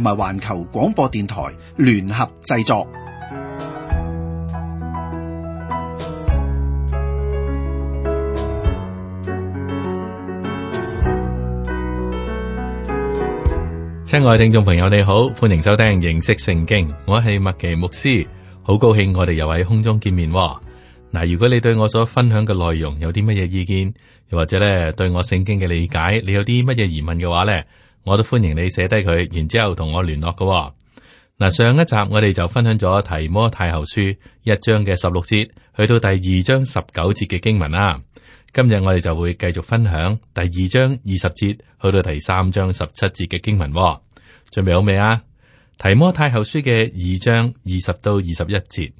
同埋環球廣播電台聯合製作。親愛聽眾朋友，你好，歡迎收聽認識聖經。我係麥奇牧師，好高興我哋又喺空中見面。嗱，如果你對我所分享嘅內容有啲乜嘢意見，又或者咧對我聖經嘅理解，你有啲乜嘢疑問嘅話咧？我都歡迎你寫低佢，然之後同我聯絡嘅。嗱，上一集我哋就分享咗《提摩太後書》一章嘅十六節，去到第二章十九節嘅經文啦，啊。今日我哋就會繼續分享第二章二十節，去到第三章十七節嘅經文，哦。準備好未啊？《提摩太後書》嘅二章二十到二十一節，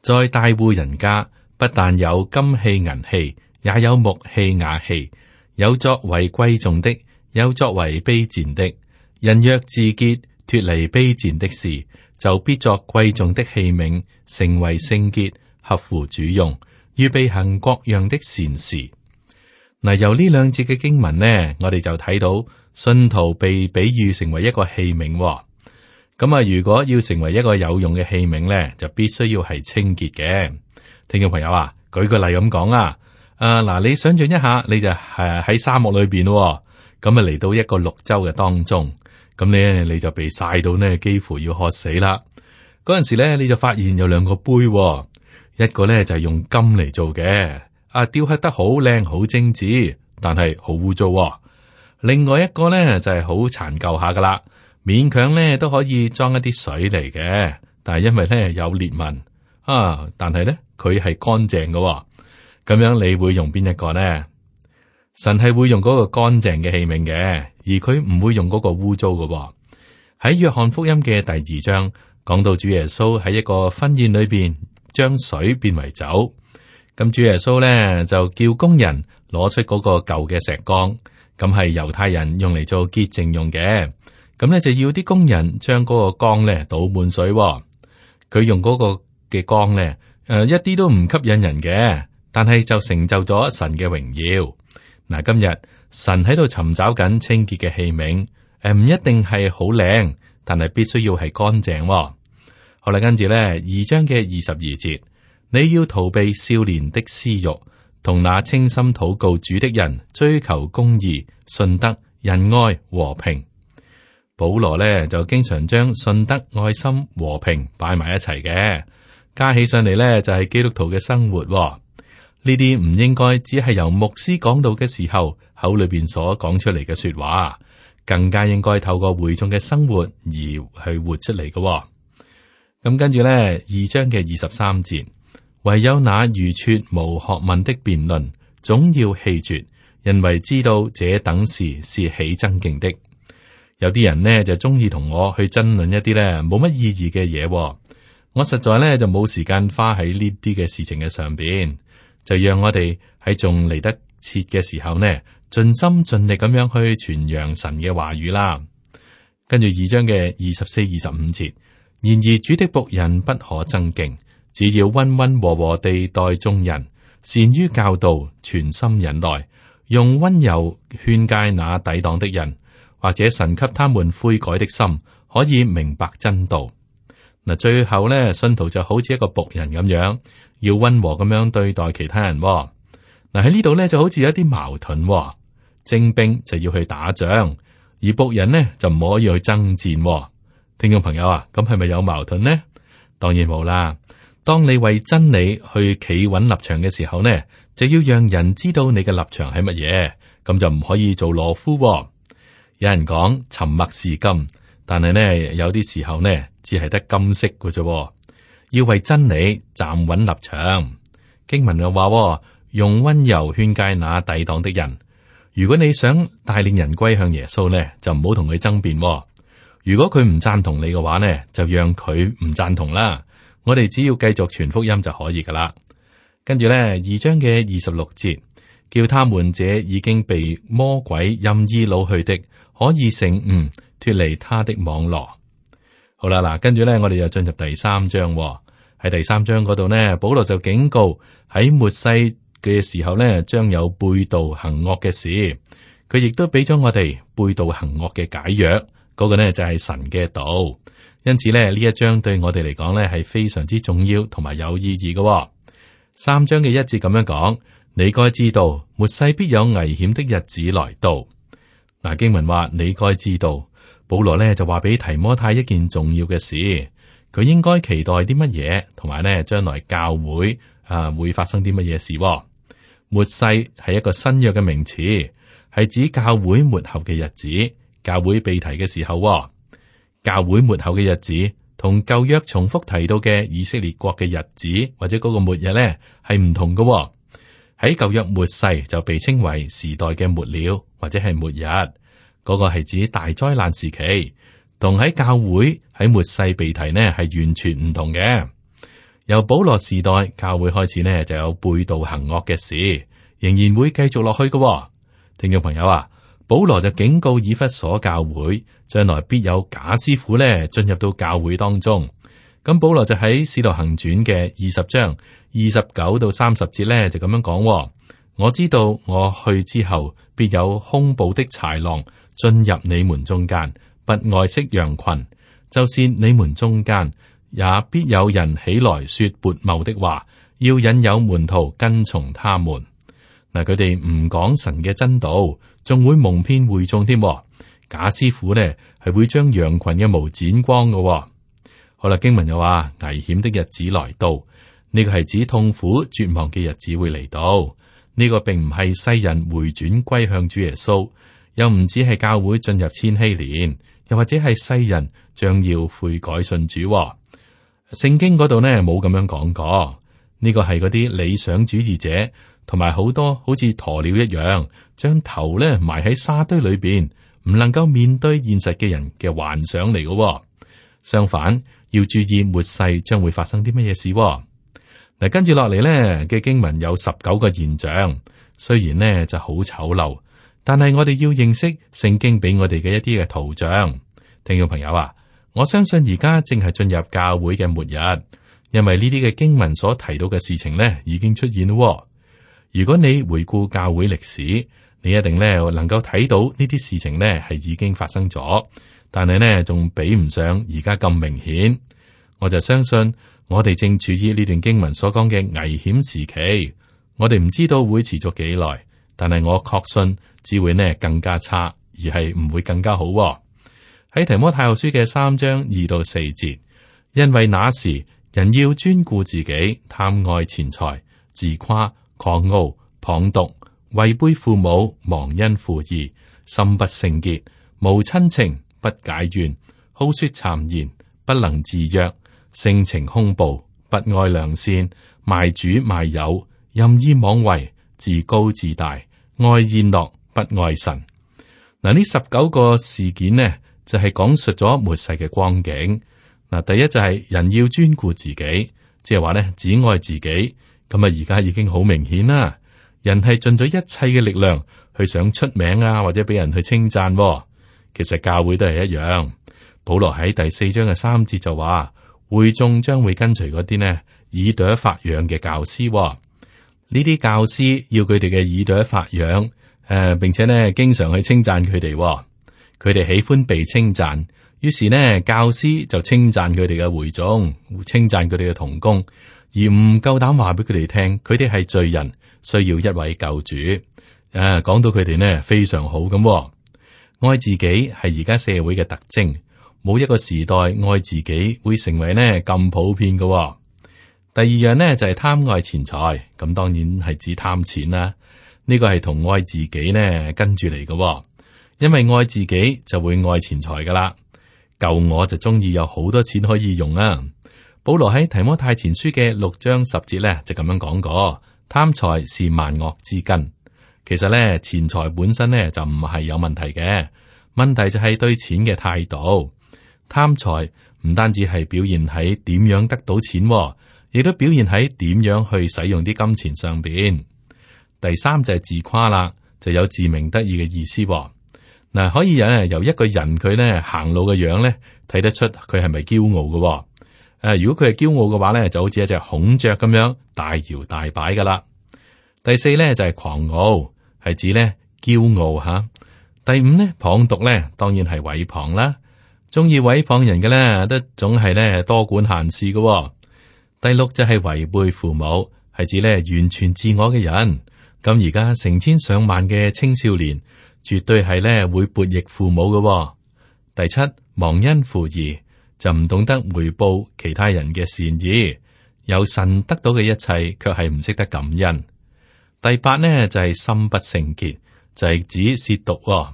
在大戶人家，不但有金器銀器，也有木器瓦器，有作為貴重的。有作為卑賤的人，若自潔脫離卑賤的事，就必作貴重的器皿，成為聖潔，合乎主用，預備行各樣的善事。嗱，由呢兩節嘅經文呢，我哋就睇到信徒被比喻成為一個器皿。咁啊，如果要成為一個有用嘅器皿呢，就必須要係清潔嘅。聽眾朋友啊，舉個例咁講啊，誒、呃、嗱，你想象一下，你就係喺沙漠裏邊咯。咁啊，嚟到一個綠洲嘅當中，咁咧你，你就被曬到呢幾乎要渴死啦。嗰陣時咧，你就發現有兩個杯，哦，一個咧就係、是、用金嚟做嘅，啊雕刻得好靚、好精緻，但係好污糟；另外一個咧就係好殘舊下噶啦，勉強咧都可以裝一啲水嚟嘅，但係因為咧有裂紋啊，但係咧佢係乾淨嘅。咁、哦、樣你會用邊一個咧？神係會用嗰個乾淨嘅器皿嘅，而佢唔會用嗰個污糟嘅。喺約翰福音嘅第二章講到，主耶穌喺一個婚宴裏邊將水變為酒。咁主耶穌咧就叫工人攞出嗰個舊嘅石缸，咁係猶太人用嚟做潔淨用嘅。咁咧就要啲工人將嗰個缸咧倒滿水、哦。佢用嗰個嘅缸咧，誒、呃、一啲都唔吸引人嘅，但係就成就咗神嘅榮耀。嗱，今日神喺度尋找緊清潔嘅器皿，誒、呃，唔一定係好靚，但係必須要係乾淨喎。好啦，跟住咧二章嘅二十二節，你要逃避少年的私欲，同那清心禱告主的人追求公義、信德、仁愛、和平。保羅咧就經常將信德、愛心、和平擺埋一齊嘅，加起上嚟咧就係、是、基督徒嘅生活、哦。呢啲唔應該只係由牧師講道嘅時候，口裏邊所講出嚟嘅說話，更加應該透過會眾嘅生活而去活出嚟嘅、哦。咁跟住呢，二章嘅二十三節，唯有那愚拙無學問的辯論，總要棄絕，因為知道這等事是起爭競的。有啲人呢，就中意同我去爭論一啲呢冇乜意義嘅嘢、哦，我實在呢，就冇時間花喺呢啲嘅事情嘅上邊。就讓我哋喺仲嚟得切嘅時候呢，盡心盡力咁樣去傳揚神嘅話語啦。跟住二章嘅二十四、二十五節，然而主的僕人不可爭競，只要溫溫和和地待眾人，善於教導，全心忍耐，用溫柔勸誡那抵擋的人，或者神給他們悔改的心，可以明白真道。嗱，最後呢，信徒就好似一個僕人咁樣。要溫和咁樣對待其他人。哦，嗱喺呢度咧就好似有一啲矛盾。哦，徵兵就要去打仗，而僕人呢就唔可以去爭戰。哦。聽眾朋友啊，咁係咪有矛盾呢？當然冇啦。當你為真理去企穩立場嘅時候呢，就要讓人知道你嘅立場係乜嘢，咁就唔可以做懦夫。哦。有人講沉默是金，但係呢，有啲時候呢，只係得金色嘅啫。哦。要為真理站穩立場。經文又話：用溫柔勸誡那抵擋的人。如果你想帶領人歸向耶穌呢，就唔好同佢爭辯。如果佢唔贊同你嘅話呢，就讓佢唔贊同啦。我哋只要繼續傳福音就可以噶啦。跟住呢二章嘅二十六節，叫他們這已經被魔鬼任意擄去的，可以醒悟脫離他的網羅。好啦，嗱，跟住呢，我哋又進入第三章。喺第三章嗰度呢，保羅就警告喺末世嘅時候呢，將有背道行惡嘅事。佢亦都俾咗我哋背道行惡嘅解藥。嗰個呢就係神嘅道。因此呢，呢一章對我哋嚟講呢係非常之重要同埋有意義嘅。三章嘅一節咁樣講，你該知道末世必有危險的日子來到。嗱，經文話你該知道，保羅呢就話俾提摩太一件重要嘅事。佢應該期待啲乜嘢，同埋呢，將來教會啊會發生啲乜嘢事、哦？末世係一個新約嘅名詞，係指教會末後嘅日子，教會被提嘅時候、哦。教會末後嘅日子同舊約重複提到嘅以色列國嘅日子或者嗰個末日呢，係唔同嘅、哦。喺舊約末世就被稱為時代嘅末了，或者係末日，嗰個係指大災難時期。同喺教會喺末世被提呢，係完全唔同嘅。由保羅時代教會開始呢，就有背道行惡嘅事，仍然會繼續落去嘅、哦。聽眾朋友啊，保羅就警告以弗所教會將來必有假師傅呢進入到教會當中。咁保羅就喺《使徒行傳》嘅二十章二十九到三十節呢，就咁樣講、哦：我知道我去之後，必有兇暴的豺狼進入你們中間。不外惜羊群，就算你們中間也必有人起來說悖謬的話，要引誘門徒跟從他們。嗱，佢哋唔講神嘅真道，仲會蒙騙會眾添。假師傅咧係會將羊群嘅毛剪光嘅。好啦，經文又話危險的日子來到，呢個係指痛苦絕望嘅日子會嚟到。呢個並唔係世人回轉歸向主耶穌，又唔止係教會進入千禧年。又或者係世人將要悔改信主？哦，聖經嗰度呢冇咁樣講過。呢個係嗰啲理想主義者同埋好多好似鴕鳥一樣，將頭咧埋喺沙堆裏邊，唔能夠面對現實嘅人嘅幻想嚟嘅，哦。相反，要注意末世將會發生啲乜嘢事，哦。嗱，跟住落嚟呢嘅經文有十九個現象，雖然呢就好醜陋。但係我哋要認識聖經俾我哋嘅一啲嘅圖像，聽眾朋友啊，我相信而家正係進入教會嘅末日，因為呢啲嘅經文所提到嘅事情呢已經出現了。如果你回顧教會歷史，你一定呢能夠睇到呢啲事情呢係已經發生咗，但係呢仲比唔上而家咁明顯。我就相信我哋正處於呢段經文所講嘅危險時期，我哋唔知道會持續幾耐。但係我確信只會呢更加差，而係唔會更加好、啊。喺《提摩太後書》嘅三章二到四節，因為那時人要專顧自己，貪愛錢財，自誇狂傲，謗讟，違背父母，忘恩負義，心不聖潔，無親情，不解怨，好說讒言，不能自約，性情兇暴，不愛良善，賣主賣友，任意妄為。自高自大，愛宴樂，不愛神。嗱，呢十九個事件呢，就係、是、講述咗末世嘅光景。嗱，第一就係人要專顧自己，即係話呢，只愛自己。咁啊，而家已經好明顯啦，人係盡咗一切嘅力量去想出名啊，或者俾人去稱讚、啊。其實教會都係一樣。保羅喺第四章嘅三節就話，會眾將會跟隨嗰啲呢耳朵發癢嘅教師、啊。呢啲教師要佢哋嘅耳朵發癢，誒、呃，並且咧，經常去稱讚佢哋，佢哋喜歡被稱讚。於是咧，教師就稱讚佢哋嘅會眾，稱讚佢哋嘅同工，而唔夠膽話俾佢哋聽，佢哋係罪人，需要一位救主。誒、呃，講到佢哋呢，非常好咁、哦，愛自己係而家社會嘅特徵，冇一個時代愛自己會成為呢咁普遍嘅、哦。第二樣呢就係貪愛錢財，咁當然係指貪錢啦。呢個係同愛自己呢跟住嚟嘅，因為愛自己就會愛錢財噶啦。舊我就中意有好多錢可以用啊。保羅喺提摩太前書嘅六章十節呢，就咁樣講過：貪財是萬惡之根。其實呢，錢財本身呢就唔係有問題嘅，問題就係對錢嘅態度。貪財唔單止係表現喺點樣得到錢。亦都表現喺點樣去使用啲金錢上邊。第三就係自誇啦，就有自鳴得意嘅意思、哦。嗱、啊，可以誒由一個人佢咧行路嘅樣咧睇得出佢係咪驕傲嘅、哦。誒、啊，如果佢係驕傲嘅話咧，就好似一隻孔雀咁樣大搖大擺噶啦。第四咧就係狂傲，係指咧驕傲吓。第五咧謗讟咧，當然係毀謗啦，中意毀謗人嘅咧，都總係咧多管閒事嘅、哦。第六就係違背父母，係指咧完全自我嘅人。咁而家成千上萬嘅青少年，絕對係咧會悖逆父母嘅、哦。第七，忘恩負義，就唔懂得回報其他人嘅善意，有神得到嘅一切，卻係唔識得感恩。第八呢就係、是、心不聖潔，就係、是、指褻瀆喎。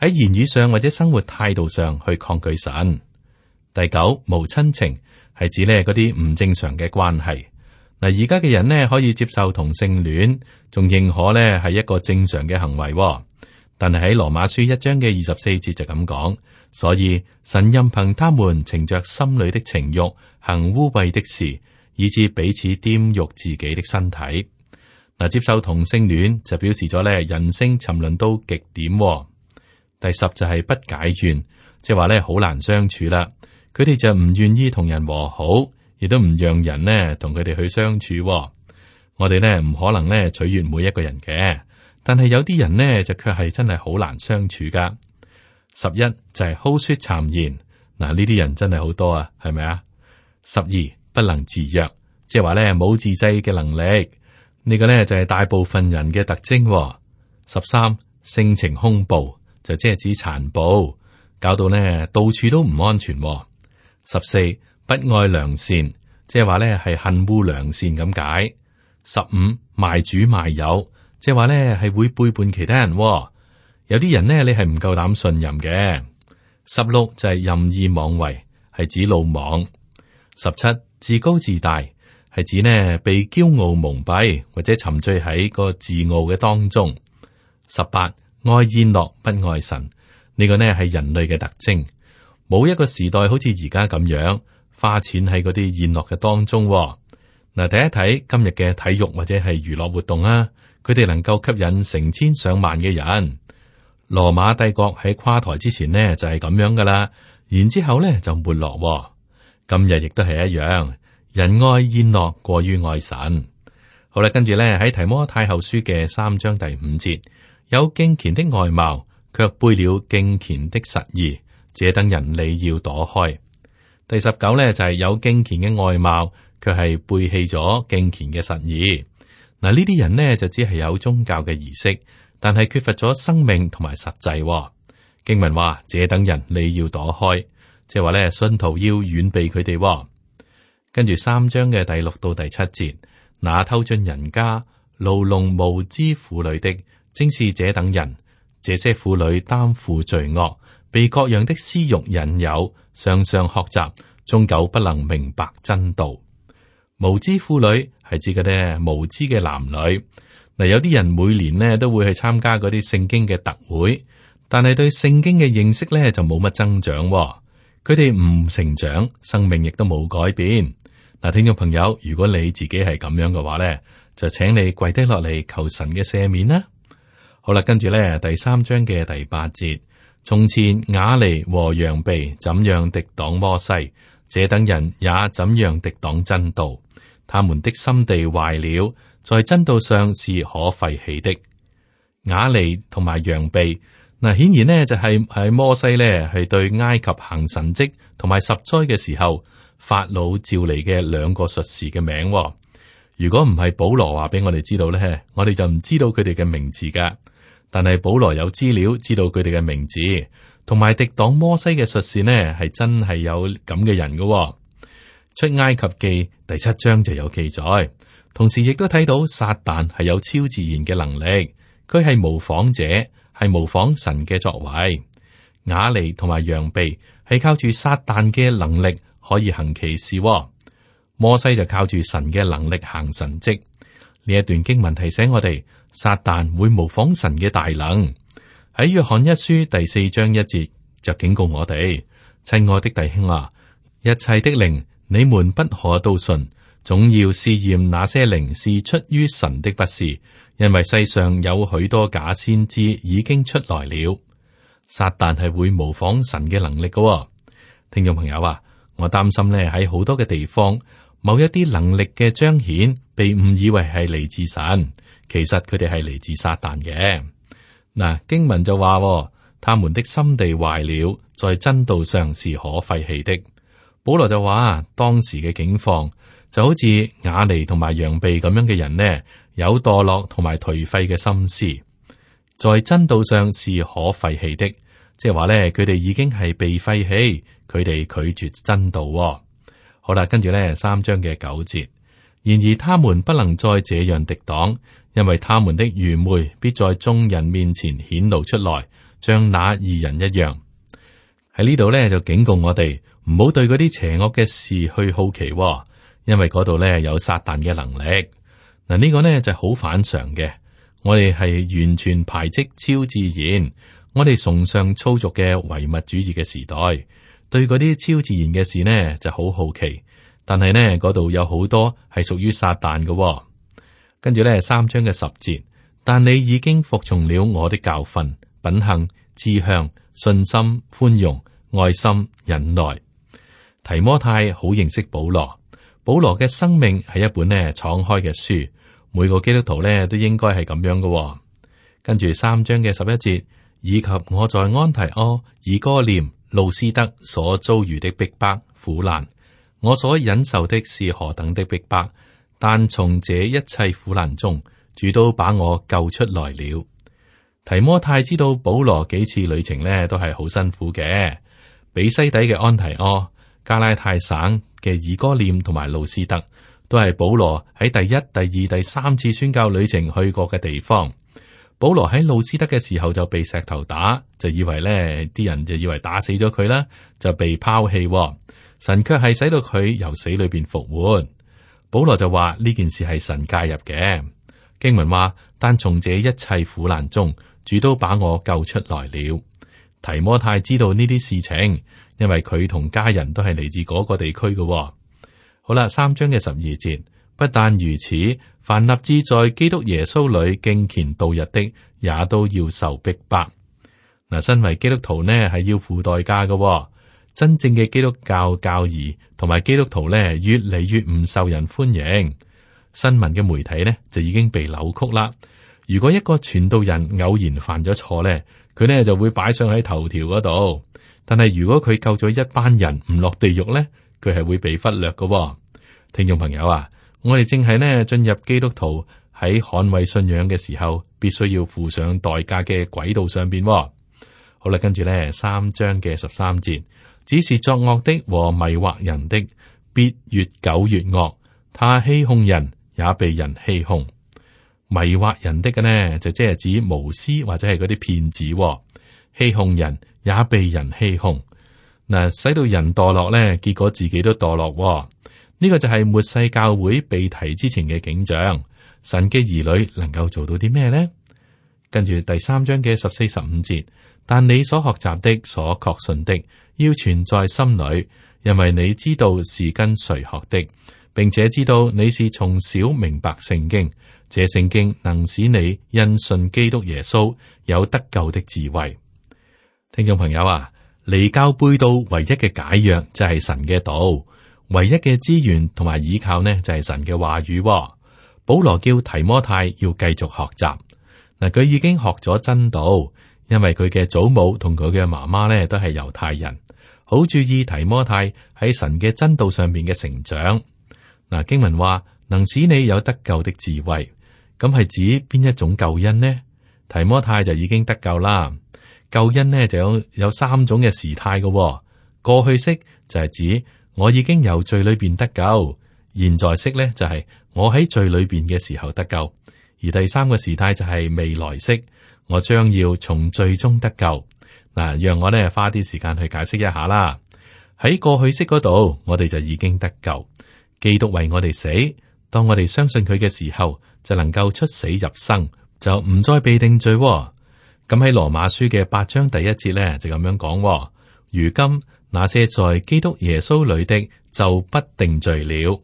喺言語上或者生活態度上去抗拒神。第九無親情。係指呢嗰啲唔正常嘅關係，嗱，而家嘅人呢可以接受同性戀，仲認可呢係一個正常嘅行為，但係喺《羅馬書》一章嘅二十四節就咁講，所以神任憑他們逞着心裏的情欲行污穢的事，以致彼此玷辱自己的身體，嗱，接受同性戀就表示咗呢人生沉淪到極點，第十就係不解怨，即係話呢好難相處啦。佢哋就唔願意同人和好，亦都唔讓人呢同佢哋去相處喎。我哋呢唔可能呢取悅每一個人嘅，但係有啲人呢就卻係真係好難相處噶。十一就係、是、好說讒言嗱，呢啲人真係好多啊，係咪啊？十二不能自約，即係話呢冇自制嘅能力，呢、這個呢就係、是、大部分人嘅特徵喎。十三性情兇暴，就即係指殘暴，搞到呢到處都唔安全喎。十四不愛良善，即係話咧係恨惡良善咁解。十五賣主賣友，即係話咧係會背叛其他人。有啲人咧你係唔夠膽信任嘅。十六就係任意妄為，係指魯莽。十七自高自大，係指呢被驕傲蒙蔽或者沉醉喺個自傲嘅當中。十八愛宴樂不愛神，呢個呢係人類嘅特徵。冇一個時代好似而家咁樣花錢喺嗰啲宴樂嘅當中、哦。嗱，睇一睇今日嘅體育或者係娛樂活動啊，佢哋能夠吸引成千上萬嘅人。羅馬帝國喺垮台之前呢，就係咁樣噶啦，然之後咧就沒落、哦。今日亦都係一樣，人愛宴樂過於愛神。好啦，跟住咧喺提摩太後書嘅三章第五節，有敬虔的外貌，卻背了敬虔的實意。這等人你要躲開。第十九咧就係、是、有敬虔嘅外貌，卻係背棄咗敬虔嘅實意。嗱，呢啲人呢，就只係有宗教嘅儀式，但係缺乏咗生命同埋實際、哦。經文話，這等人你要躲開，即係話咧，信徒要遠避佢哋、哦。跟住三章嘅第六到第七節，那偷進人家、牢籠無知婦女的，正是這等人。這些婦女擔負罪惡。被各樣的私慾引誘，常常學習，終究不能明白真道。無知婦女係指嗰啲無知嘅男女。嗱，有啲人每年呢都會去參加嗰啲聖經嘅特會，但係對聖經嘅認識呢就冇乜增長喎。佢哋唔成長，生命亦都冇改變。嗱，聽眾朋友，如果你自己係咁樣嘅話呢，就請你跪低落嚟求神嘅赦免啦。好啦，跟住咧第三章嘅第八節。從前雅尼和佯庇怎樣敵擋摩西，這等人也怎樣敵擋真道。他們的心地壞了，在真道上是可廢棄的。雅尼同埋佯庇，嗱，顯然呢，就係喺摩西呢，係對埃及行神蹟同埋十災嘅時候，法老召嚟嘅兩個術士嘅名。如果唔係保羅話俾我哋知道呢，我哋就唔知道佢哋嘅名字㗎。但係保羅有資料知道佢哋嘅名字，同埋抵擋摩西嘅術士呢，係真係有咁嘅人嘅、哦。出埃及記第七章就有記載，同時亦都睇到撒旦係有超自然嘅能力，佢係模仿者，係模仿神嘅作為。雅尼同埋佯庇係靠住撒旦嘅能力可以行奇事、哦，摩西就靠住神嘅能力行神跡。呢一段經文提醒我哋。撒旦會模仿神嘅大能喺約翰一書第四章一節就警告我哋：親愛的弟兄啊，一切的靈你們不可都信，總要試驗那些靈是出於神的，不是，因為世上有許多假先知已經出來了。撒旦係會模仿神嘅能力噶、哦，聽眾朋友啊，我擔心咧喺好多嘅地方，某一啲能力嘅彰顯被誤以為係嚟自神。其實佢哋係嚟自撒旦嘅嗱、啊。經文就話，他們的心地壞了，在真道上是可廢棄的。保羅就話，當時嘅境況就好似雅尼同埋佯庇咁樣嘅人呢，有墮落同埋頹廢嘅心思，在真道上是可廢棄的。即係話呢，佢哋已經係被廢棄，佢哋拒絕真道、哦。好啦，跟住咧三章嘅九節，然而他們不能再這樣敵擋。因為他們的愚昧必在眾人面前顯露出來，像那二人一樣。喺呢度咧就警告我哋，唔好對嗰啲邪惡嘅事去好奇，因為嗰度咧有撒旦嘅能力。嗱，呢個咧就好反常嘅。我哋係完全排斥超自然，我哋崇尚粗俗嘅唯物主義嘅時代，對嗰啲超自然嘅事呢就好好奇。但係呢嗰度有好多係屬於撒旦嘅。跟住咧，三章嘅十節，但你已經服從了我的教訓、品行、志向、信心、寬容、愛心、忍耐。提摩太好認識保羅，保羅嘅生命係一本咧敞開嘅書，每個基督徒呢都應該係咁樣嘅，哦。跟住三章嘅十一節，以及我在安提柯、以哥念、路斯德所遭遇的逼迫苦難，我所忍受的是何等的逼迫。但從這一切苦難中，主都把我救出來了。提摩太知道保羅幾次旅程呢都係好辛苦嘅。比西底嘅安提阿、加拉太省嘅以哥念同埋路斯德，都係保羅喺第一、第二、第三次宣教旅程去過嘅地方。保羅喺路斯德嘅時候就被石頭打，就以為呢啲人就以為打死咗佢啦，就被拋棄。神卻係使到佢由死裏邊復活。保羅就話呢件事係神介入嘅。經文話，但從這一切苦難中，主都把我救出來了。提摩太知道呢啲事情，因為佢同家人都係嚟自嗰個地區嘅，哦。好啦，三章嘅十二節，不但如此，凡立志在基督耶穌裏敬虔度日的，也都要受逼迫。嗱，身為基督徒呢，係要付代價嘅，哦。真正嘅基督教教義同埋基督徒咧，越嚟越唔受人歡迎。新聞嘅媒體咧就已經被扭曲啦。如果一個傳道人偶然犯咗錯咧，佢咧就會擺上喺頭條嗰度。但係如果佢救咗一班人唔落地獄咧，佢係會被忽略㗎喎。聽眾朋友啊，我哋正係呢，進入基督徒喺捍衛信仰嘅時候，必須要付上代價嘅軌道上邊喎。好啦，跟住咧三章嘅十三節。只是作惡的和迷惑人的，必越久越惡。他欺哄人，也被人欺哄；迷惑人的嘅呢，就即係指巫師或者係嗰啲騙子。欺哄人，也被人欺哄。嗱，使到人墮落呢，結果自己都墮落。呢個就係末世教會被提之前嘅景象。神嘅兒女能夠做到啲咩呢？跟住第三章嘅十四十五節。但你所學習的、所確信的，要存在心裏，因為你知道是跟誰學的，並且知道你是從小明白聖經。這聖經能使你因信基督耶穌有得救的智慧。聽眾朋友啊，離教背道唯一嘅解藥就係神嘅道，唯一嘅資源同埋依靠呢就係神嘅話語，哦。保羅叫提摩太要繼續學習，嗱，佢已經學咗真道。因為佢嘅祖母同佢嘅媽媽咧都係猶太人，好注意提摩太喺神嘅真道上邊嘅成長。嗱，經文話，能使你有得救的智慧，咁係指邊一種救恩呢？提摩太就已經得救啦。救恩呢，就有有三種嘅時態嘅，哦，過去式就係指我已經由罪裏邊得救，現在式呢就係我喺罪裏邊嘅時候得救，而第三個時態就係未來式。我將要從最終得救嗱，讓我咧花啲時間去解釋一下啦。喺過去式嗰度，我哋就已經得救，基督為我哋死，當我哋相信佢嘅時候，就能夠出死入生，就唔再被定罪、哦。咁喺羅馬書嘅八章第一節咧，就咁樣講、哦。如今那些在基督耶穌裏的，就不定罪了。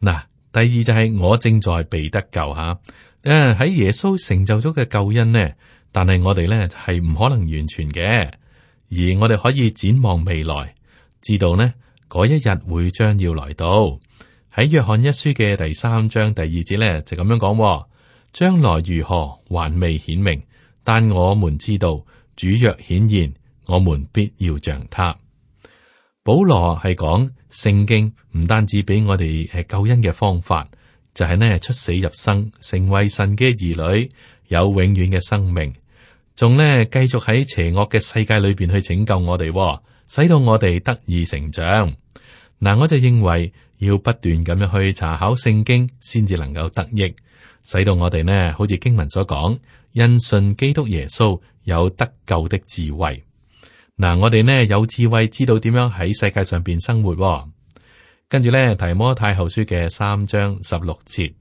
嗱，第二就係我正在被得救吓。誒、啊、喺耶穌成就咗嘅救恩呢。但係我哋咧係唔可能完全嘅，而我哋可以展望未來，知道呢嗰一日會將要來到。喺約翰一書嘅第三章第二節咧就咁樣講：將來如何？還未顯明，但我們知道主若顯現，我們必要像他。保羅係講聖經唔單止俾我哋係救恩嘅方法，就係呢出死入生，成為神嘅兒女，有永遠嘅生命。仲呢繼續喺邪惡嘅世界裏邊去拯救我哋，使到我哋得以成長。嗱，我就認為要不斷咁樣去查考聖經，先至能夠得益，使到我哋呢，好似經文所講，因信基督耶穌有得救的智慧。嗱，我哋呢有智慧，知道點樣喺世界上邊生活。跟住呢，提摩太後書嘅三章十六節，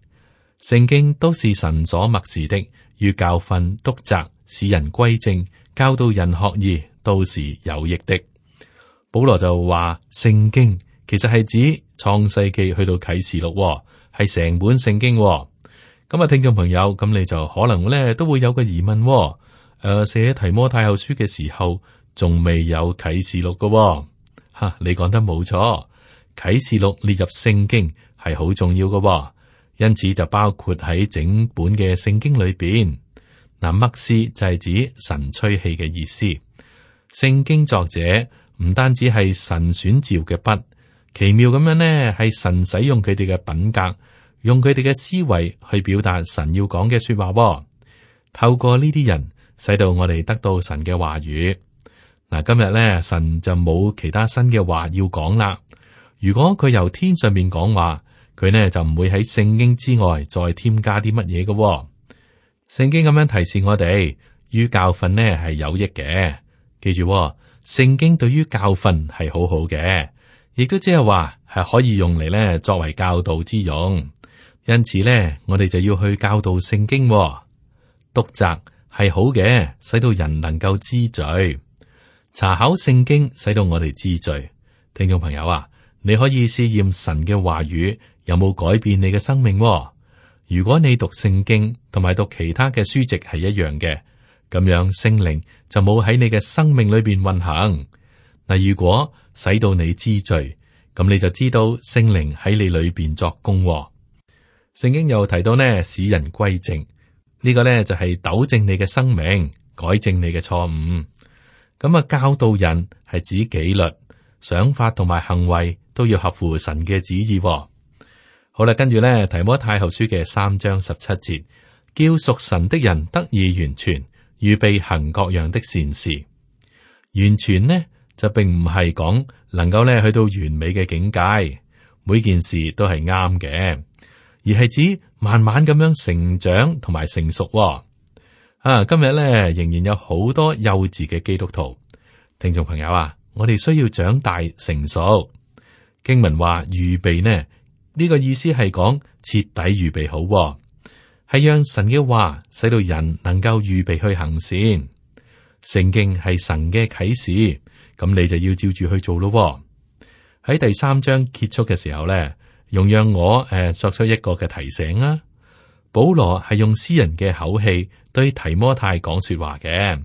聖經都是神所默示的，於教訓、督責。使人歸正，教導人學義，都是有益的。保羅就話：聖經其實係指創世記去到啟示錄、哦，係成本聖經、哦。咁、嗯、啊，聽眾朋友，咁你就可能咧都會有個疑問、哦：誒、呃，寫提摩太後書嘅時候，仲未有啟示錄噶、哦？吓，你講得冇錯，啟示錄列入聖經係好重要噶、哦，因此就包括喺整本嘅聖經裏邊。嗱，默示就係指神吹氣嘅意思。聖經作者唔單止係神選召嘅筆，奇妙咁樣呢係神使用佢哋嘅品格，用佢哋嘅思維去表達神要講嘅說話。透過呢啲人，使到我哋得到神嘅話語。嗱，今日咧神就冇其他新嘅話要講啦。如果佢由天上面講話，佢呢就唔會喺聖經之外再添加啲乜嘢嘅。聖經咁樣提示我哋於教訓呢係有益嘅，記住、哦、聖經對於教訓係好好嘅，亦都即係話係可以用嚟呢作為教導之用。因此呢，我哋就要去教導聖經、哦，督責係好嘅，使到人能夠知罪。查考聖經，使到我哋知罪。聽眾朋友啊，你可以試驗神嘅話語有冇改變你嘅生命、哦。如果你讀聖經同埋讀其他嘅書籍係一樣嘅，咁樣聖靈就冇喺你嘅生命裏邊運行。嗱，如果使到你知罪，咁你就知道聖靈喺你裏邊作工、哦。聖經又提到呢，使人歸正，呢、這個呢就係、是、糾正你嘅生命，改正你嘅錯誤。咁啊，教導人係指紀律、想法同埋行為都要合乎神嘅旨意、哦。好啦，跟住咧，提摩太後書嘅三章十七節，叫屬神的人得以完全預備行各樣的善事。完全呢就並唔係講能夠咧去到完美嘅境界，每件事都係啱嘅，而係指慢慢咁樣成長同埋成熟，哦。啊，今日咧仍然有好多幼稚嘅基督徒聽眾朋友啊，我哋需要長大成熟。經文話預備呢？呢個意思係講徹底預備好，係讓神嘅話使到人能夠預備去行善。聖經係神嘅啟示，咁你就要照住去做咯。喺第三章結束嘅時候咧，容讓我誒、呃、作出一個嘅提醒啊。保羅係用私人嘅口氣對提摩太講說話嘅。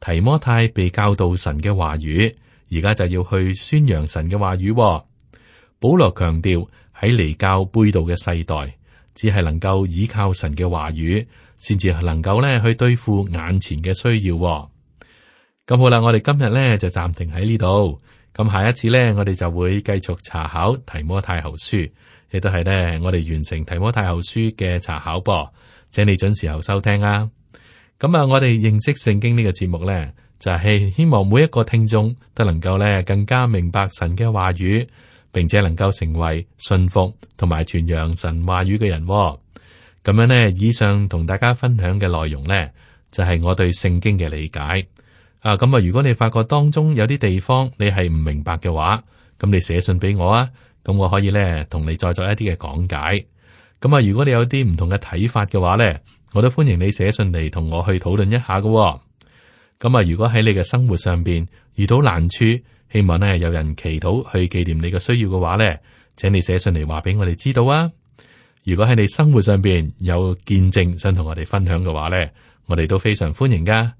提摩太被教導神嘅話語，而家就要去宣揚神嘅話語。保羅強調。喺離教背道嘅世代，只係能夠依靠神嘅話語，先至能夠咧去對付眼前嘅需要、哦。咁、嗯、好啦，我哋今日咧就暫停喺呢度。咁、嗯、下一次咧，我哋就會繼續查考提摩太後書，亦都係咧我哋完成提摩太後書嘅查考噃。請你準時候收聽啊。咁、嗯、啊，我哋認識聖經、這個、節呢個節目咧，就希、是、希望每一個聽眾都能夠咧更加明白神嘅話語。並且能夠成為信服同埋傳揚神話語嘅人。咁樣呢，以上同大家分享嘅內容呢，就係我對聖經嘅理解。啊，咁啊，如果你發覺當中有啲地方你係唔明白嘅話，咁你寫信俾我啊，咁我可以呢同你再做一啲嘅講解。咁啊，如果你有啲唔同嘅睇法嘅話呢，我都歡迎你寫信嚟同我去討論一下嘅。咁啊，如果喺你嘅生活上邊遇到難處，希望咧有人祈禱去紀念你嘅需要嘅話咧，請你寫信嚟話俾我哋知道啊！如果喺你生活上邊有見證想同我哋分享嘅話咧，我哋都非常歡迎噶。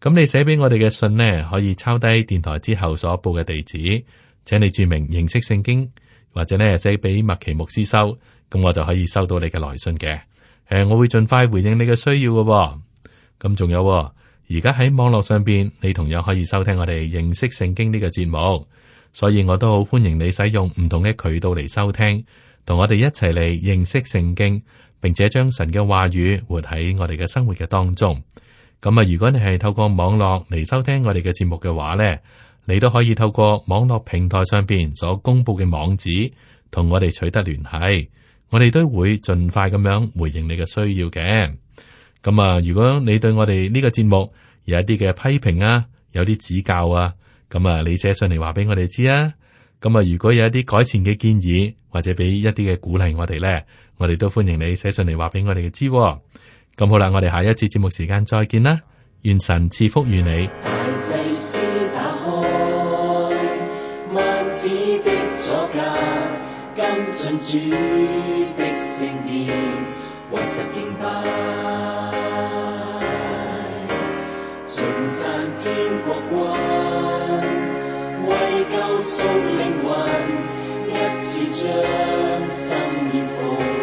咁你寫俾我哋嘅信呢，可以抄低電台之後所報嘅地址，請你注明認識聖經，或者呢寫俾麥奇牧師收，咁我就可以收到你嘅來信嘅。誒，我會盡快回應你嘅需要嘅噃。咁仲有啊～而家喺網絡上邊，你同樣可以收聽我哋認識聖經呢個節目，所以我都好歡迎你使用唔同嘅渠道嚟收聽，同我哋一齊嚟認識聖經，並且將神嘅話語活喺我哋嘅生活嘅當中。咁啊，如果你係透過網絡嚟收聽我哋嘅節目嘅話呢，你都可以透過網絡平台上邊所公佈嘅網址，同我哋取得聯繫，我哋都會盡快咁樣回應你嘅需要嘅。咁啊，如果你對我哋呢個節目有一啲嘅批評啊，有啲指教啊，咁啊，你寫上嚟話俾我哋知啊。咁啊，如果有一啲改善嘅建議，或者俾一啲嘅鼓勵我哋咧，我哋都歡迎你寫上嚟話俾我哋知啊。咁好啦，我哋下一次節目時間再見啦，願神賜福於你。大祭司打開萬子的坐駕，跟進主的聖殿。屈膝敬拜，盡讚天國君，為救贖靈魂，一次將生命奉。